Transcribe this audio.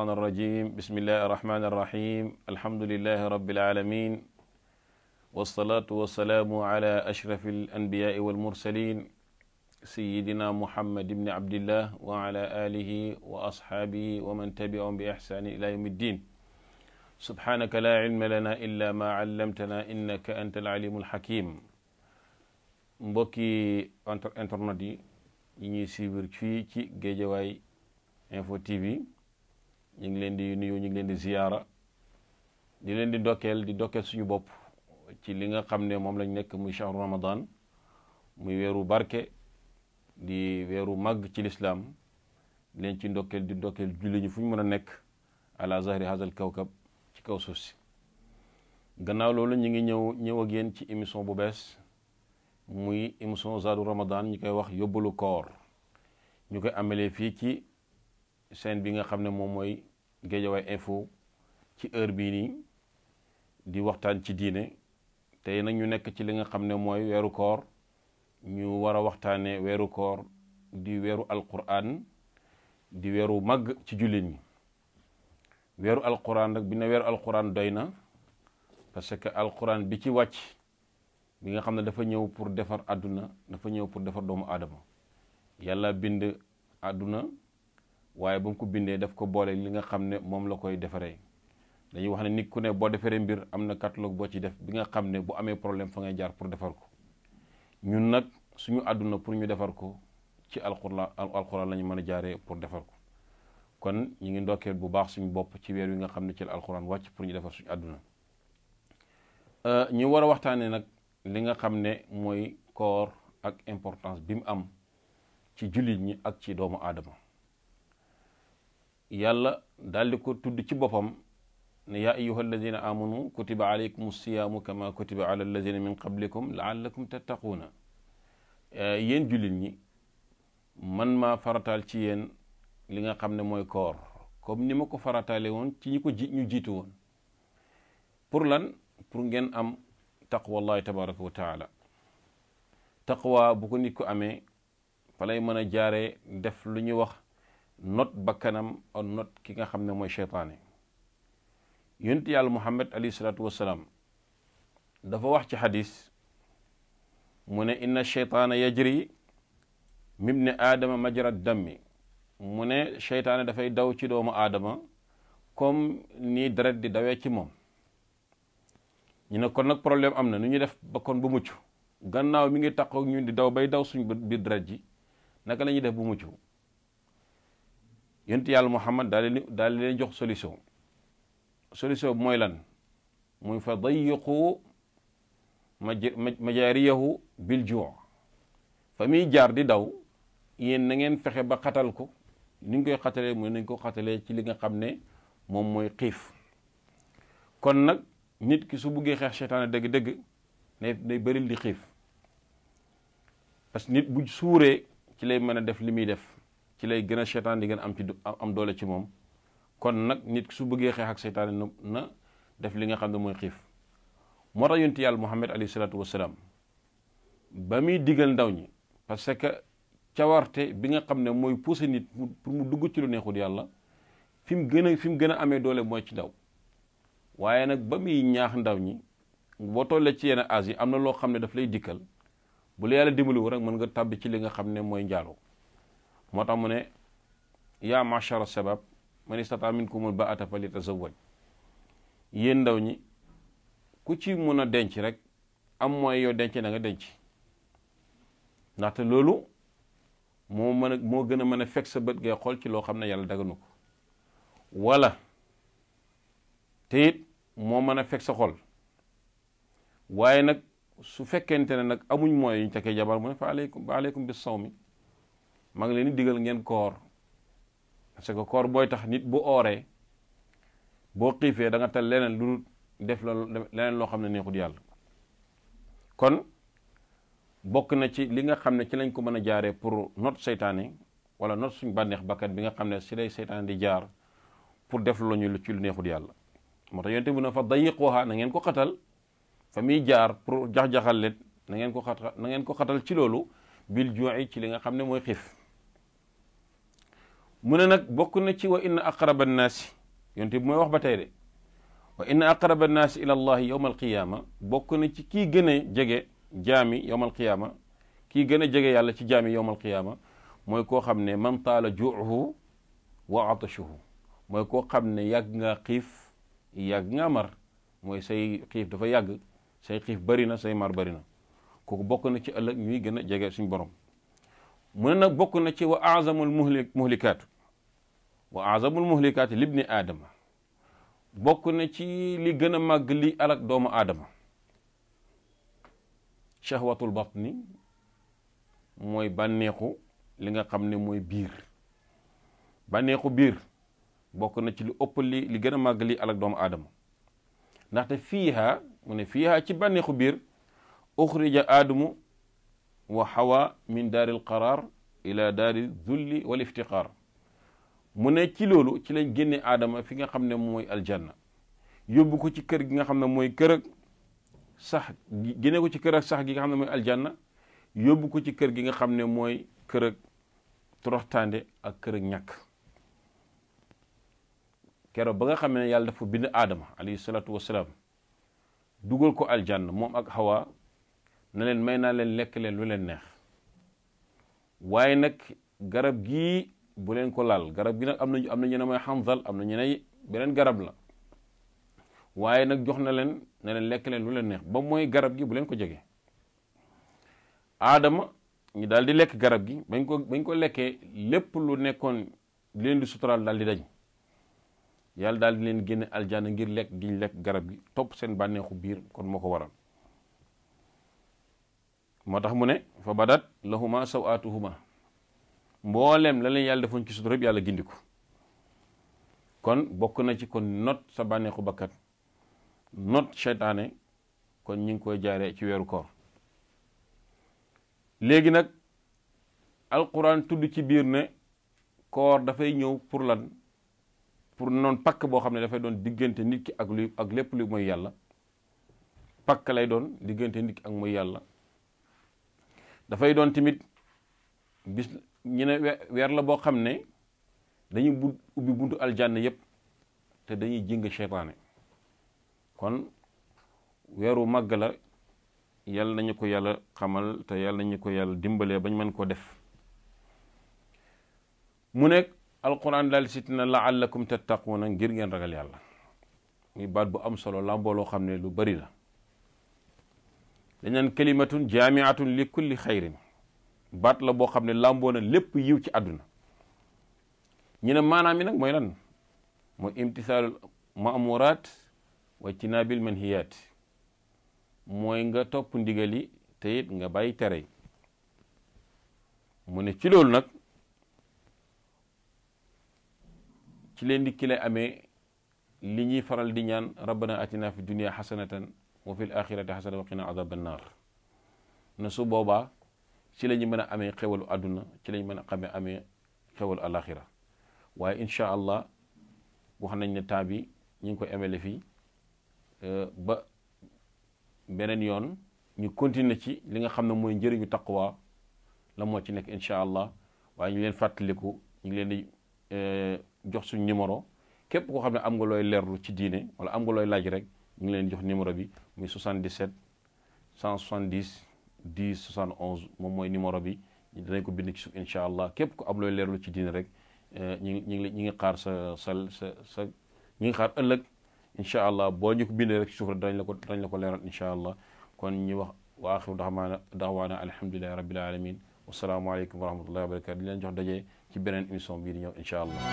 الشيطان الرجيم بسم الله الرحمن الرحيم الحمد لله رب العالمين والصلاة والسلام على أشرف الأنبياء والمرسلين سيدنا محمد بن عبد الله وعلى آله وأصحابه ومن تبعهم بإحسان إلى يوم الدين سبحانك لا علم لنا إلا ما علمتنا إنك أنت العليم الحكيم mbokki internet yi ñuy suivre fii ci Guédiawaye Info TV ñu ngi leen di nuyu ñu ngi leen di ziyaara di leen di dokkeel di dokkeel suñu bopp ci li nga xam ne moom lañ nekk muy ramadan muy weeru barke di weeru màgg ci lislaam di ci ndokkeel di ndokkeel julli ñi fu mën a nekk ala zahri hazal kawkab ci kaw suuf si gannaaw loolu ñu ngi ñëw ñëw ak yéen ci émission bu bees muy émission zaadu ramadan ñu koy wax yóbbalu koor ñu koy amalee fii ci seen bi nga xam ne moom mooy Guédiawaye info ci heure bii nii di waxtaan ci diine tey nag ñu nekk ci li nga xam ne mooy weeru koor ñu war a waxtaanee weeru koor di weeru alquran di weeru màgg ci jullit ñi weeru alquran rek bi ne weeru alquran doy na parce que alquran bi ci wàcc bi nga xam ne dafa ñëw pour defar àdduna dafa ñëw pour defar doomu aadama yàlla bind àdduna waaye ba mu ko bindee daf ko boole li nga xam ne moom la koy defaree dañuy wax ne nit ku ne boo defaree mbir am na catalogue boo ci def bi nga xam ne bu amee problème fa ngay jaar pour defar ko ñun nag suñu àdduna pour ñu defar ko ci alxuraan alxuraan la ñu mën a jaaree pour defar ko kon ñu ngi ndokkeel bu baax suñu bopp ci weer wi nga xam ne ci la alxuraan wàcc pour ñu defar suñu àdduna ñu war a waxtaanee nag li nga xam ne mooy koor ak importance bi mu am ci jullit ñi ak ci doomu aadama yàlla daldi ko tudd ci boppam ne yaa ayuha alladina amanu kutiba alaykum siyaamu kama kutiba ala alladina min qablikum laallakum tattaquuna eh, yéen jullit ñi man maa farataal ci yéen li nga xam ne mooy koor kom ni ma ko farataale woon ci ñi ko ji ñu jiitu woon pour lan pour ngeen am taqwallahi tabaraka wa taala taqwa bu ko nit ko amee fa lay mën a jaaree def lu ñuy wax not bakkanam ak not ki nga xam ne mooy cheytaane yonent yàlla muhammad alayhi salaatu wassalaam dafa wax ci xadis mu ne inna cheytaana yajri mibni aadama majra dammi mu ne cheytaane dafay daw ci doomu aadama comme nii deret di dawee ci moom ñu ne kon nag problème am na nu ñuy def ba kon bu mucc gannaaw mi ngi takkook ñun di daw bay daw suñ biir deret ji naka la def bu mucc yonti yàlla muhammad daal leen daal leen jox solution solution bi mooy lan muy fa dayiqu majaariyahu bil juu fa muy jaar di daw yéen na ngeen fexe ba xatal ko ni ñu koy xatalee mooy nañ ko xatalee ci li nga xam ne moom mooy xiif kon nag nit ki su buggee xeex seytaane dëgg-dëgg nay day bëril di xiif parce que nit bu suuree ci lay mën a def li muy def ci lay gën a seytaan di gën am ci am doole ci moom kon nag nit su bëggee xeex ak seytaane na na def li nga xam ne mooy xiif moo tax yonent yàlla Muhammad alayhi salaatu wasalaam ba muy digal ndaw ñi parce que cawarte bi nga xam ne mooy pousser nit pour mu dugg ci lu neexul yàlla fi mu gën a fi mu gën a amee doole mooy ci ndaw waaye nag ba muy ñaax ndaw ñi boo tollee ci yenn âge yi am na loo xam ne daf lay dikkal bu la yàlla dimbaliwu rek mën nga tàbbi ci li nga xam ne mooy njaaloo moo tax mu ne yaa machara sabab man istata minkumul baata falitazawaj yéen ndaw ñi ku ci mun a denc rek am mooy yow denc na denc ndaxte loolu moo mën a moo gën a mën a fekk sa bët ngay xool ci loo xam ne yàlla daganu ko wala te it moo mën a fekk sa xol waaye nag su fekkente ne nag amuñ mooy yuñ takkee jabar mu ne fa aleykum ba aleykum bis ma ngi leen di digal ngeen koor parce que koor booy tax nit bu ooree boo xiifee da nga tal leneen lu def la leneen loo xam neexut yàlla kon bokk na ci li nga xam ne ci lañ ko mën a jaaree pour not seytaane wala not suñ bànneex bakkat bi nga xam ne si lay seytaane di jaar pour def la ñu lu ci lu neexut yàlla moo tax yonte bi na fa dayiquha na ngeen ko xatal fa muy jaar pour jax-jaxal leen na ngeen ko xatal na ngeen ko xatal ci loolu bil juu'i ci li nga xam ne mooy mu ne nag bokk na ci wa inna aqraba annaasi yonte bi mooy wax ba tey de wa inna aqraba annaasi ila allahi yowma alqiyaama bokk na ci kii gën a jege jaami yowma alqiyaama kii gën a jege yàlla ci jaami yowma alqiyaama mooy koo xam ne man taala juuhu wa atashuhu mooy koo xam ne yàgg ngaa xiif yàgg ngaa mar mooy say xiif dafa yàgg say xiif bari na say mar bari na kooku bokk na ci ëllëg ñuy gën a jege suñ borom mu ne nag bokk na ci wa azamul muhlik واعظم المهلكات لابن ادم بوكنا تي لي غنا ماغ لي الاك دوم ادم شهوه البطن موي بانيخو ليغا خامني موي بير بانيخو بير بوكنا تي لي اوب لي لي غنا ماغ لي الاك دوم ادم نحت فيها من فيها تي بانيخو بير اخرج ادم وحواء من دار القرار الى دار الذل والافتقار mu ne ci loolu ci lañ génne aadama fi nga xam ne mooy aljanna yóbbu ko ci kër gi nga xam ne mooy kër ak sax génne ci kër sax gi nga xam ne mooy aljanna yóbbu ko ci kër gi nga xam ne mooy kër ak toroxtaande ak kër ak ñàkk keroog ba nga xam ne yàlla dafa bind aadama alayhi salaatu wasalaam dugal ko aljanna moom ak xawaa na leen may naa leen lekk leen lu leen neex waaye nag garab gii bu leen ko laal garab gi nag am na am na ñu ne mooy am na ñu beneen garab la waaye nag jox na leen ne leen lekk leen lu leen neex ba mooy garab gi bu leen ko jege aadama ñu daal di lekk garab gi bañ ko bañ ko lekkee lépp lu nekkoon leen di suturaal daal di dañ yàlla daal di leen génne aljaana ngir lekk giñ lekk garab gi topp seen bànneexu biir kon moo ko waral moo tax mu ne fa badat lahuma sawatuhuma mboolem la leen yàlla defoon ci sutura yëpp yàlla gindi ko kon bokk na ci kon not sa bànneexu bakkat not seytaane kon ñu ngi koy jaaree ci weeru koor léegi nag alquran tudd ci biir ne koor dafay ñëw pour lan pour noon pakk boo xam ne dafay doon diggante nit ki ak ak lépp lu mooy yàlla pakk lay doon diggante nit ak mooy yàlla dafay doon tamit bis ñu ne weer la boo xam ne dañuy bu ubbi buntu aljanna yépp te dañuy jing seytaane kon weeru màgg la yàlla nañu ko yàlla xamal te yàlla nañu ko yàlla dimbalee bañ mën koo def mu nekk alquran daal siti na laallakum tattaquuna ngir ngeen ragal yàlla muy baat bu am solo la mbooloo xam ne lu bari la dañ naan kalimatun jaamiatun li kulli xayrin baat la boo xam ne làmboo lépp yiw ci àdduna ñu ne maanaam mi nag mooy lan mooy imtisaalul maamuraat wa cinaabil manhiyaat mooy nga topp ndigal yi te it nga bàyyi tere mu ne ci loolu nag ci leen di ki amee li ñuy faral di ñaan rabbana atina fi dunia xasanatan wa fi l axirati wa qina azab na su boobaa ci lañu mëna amé a amee xewalu àdduna ci lañu mëna xamé xamee xéwal al-akhirah waye insha allah wax nañ ne temps ñing ko émélé fi euh ba benen yoon ñu continuer ci li nga xamné moy mooy njëriñu taqwa la mo ci nek insha allah waye ñu leen fàttaliku ñu leen di jox suñu numéro képp ko xamné am nga loy lerru ci diine wala am nga loy laaj rek ñu leen jox numéro bi muy 77 170 10 71 moom mooy numéro bi danañ ko bind ci suuf incha allah képp ko am looy leerlu ci diin rek eh, ñi ngi ñi ngi xaar sa sa sa sa ñi ngi xaar ëllëg incha allah boo ñu ko bindee rek ci suuf rek danañ la ko danañ la ko leeral incha allah kon ñu wax wa axiru daxwaana daxwaana alhamdulilahi rabbil alamin wasalaamaaleykum wa rahmatullahi wa barakatu di leen jox dajee ci beneen émission bii di ñëw incha allah